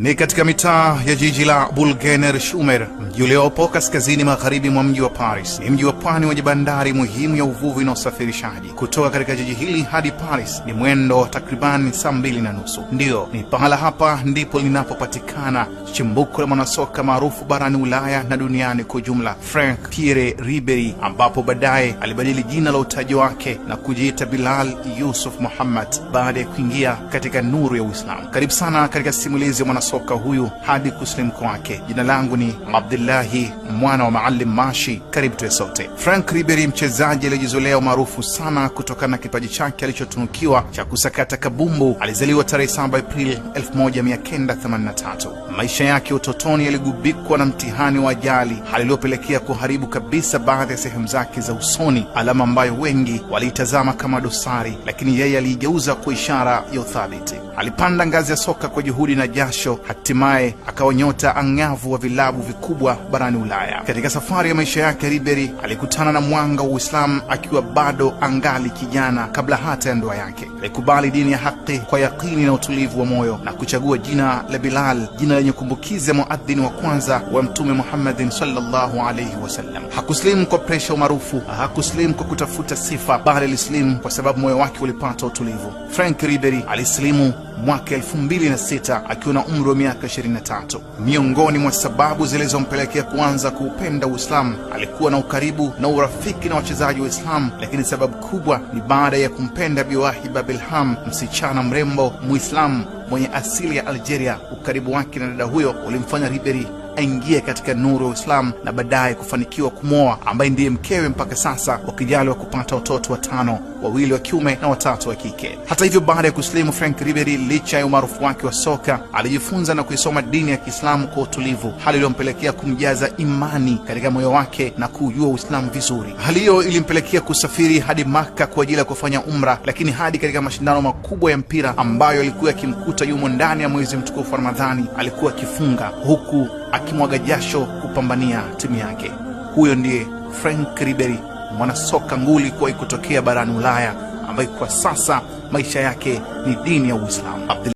Ni katika mitaa ya jiji la Bulgener Shumer, mji uliopo kaskazini magharibi mwa mji wa Paris. Ni mji wa pwani wenye bandari muhimu ya uvuvi na usafirishaji. Kutoka katika jiji hili hadi Paris ni mwendo takribani saa mbili na nusu. Ndiyo, ni pahala hapa ndipo linapopatikana chimbuko la mwanasoka maarufu barani Ulaya na duniani kwa ujumla, frank Pierre Ribery, ambapo baadaye alibadili jina la utaji wake na kujiita Bilal Yusuf Muhammad baada ya kuingia katika nuru ya Uislamu. Karibu sana katika simulizi ya mwanasoka huyu hadi kusilimu kwake. Jina langu ni Abdullahi mwana wa Maalim Mashi, karibu tuwe sote. Frank Ribery, mchezaji aliyejizolea maarufu sana kutokana na kipaji chake alichotunukiwa cha kusakata kabumbu, alizaliwa tarehe 7 Aprili 1983. Maisha yake utotoni yaligubikwa na mtihani wa ajali, hali iliyopelekea kuharibu kabisa baadhi ya sehemu zake za usoni, alama ambayo wengi waliitazama kama dosari, lakini yeye aliigeuza kwa ishara ya uthabiti. Alipanda ngazi ya soka kwa juhudi na jasho kesho, hatimaye akawa nyota ang'avu wa vilabu vikubwa barani Ulaya. Katika safari ya maisha yake, Ribery alikutana na mwanga wa Uislamu akiwa bado angali kijana, kabla hata ya ndoa yake. Alikubali dini ya haki kwa yakini na utulivu wa moyo na kuchagua jina la Bilal, jina lenye kumbukizi ya muadhini wa kwanza wa Mtume Muhammadin sallallahu alaihi wasallam. Hakuslimu kwa presha umaarufu, hakuslimu kwa kutafuta sifa, bali alislimu kwa sababu moyo wake ulipata utulivu. Frank Ribery alisilimu mwaka 26 akiwa na umri wa miaka 23. Miongoni mwa sababu zilizompelekea kuanza kuupenda Uislamu, alikuwa na ukaribu na urafiki na wachezaji wa Uislamu, lakini sababu kubwa ni baada ya kumpenda Biwahiba Bilham, msichana mrembo Muislamu mwenye asili ya Algeria. Ukaribu wake na dada huyo ulimfanya Ribery aingie katika nuru ya Uislamu na baadaye kufanikiwa kumwoa ambaye ndiye mkewe mpaka sasa, wakijaliwa kupata watoto watano, wawili wa kiume na watatu wa kike. Hata hivyo, baada ya kusilimu, Frank Ribery, licha ya umaarufu wake wa soka, alijifunza na kuisoma dini ya Kiislamu kwa utulivu, hali iliyompelekea kumjaza imani katika moyo wake na kuujua Uislamu vizuri. Hali hiyo ilimpelekea kusafiri hadi Maka kwa ajili ya kufanya umra, lakini hadi katika mashindano makubwa ya mpira ambayo alikuwa yakimkuta alijikuta yumo ndani ya mwezi mtukufu wa Ramadhani, alikuwa akifunga huku akimwaga jasho kupambania timu yake. Huyo ndiye Frank Ribery, mwanasoka nguli kuwahi kutokea barani Ulaya, ambaye kwa sasa maisha yake ni dini ya Uislamu.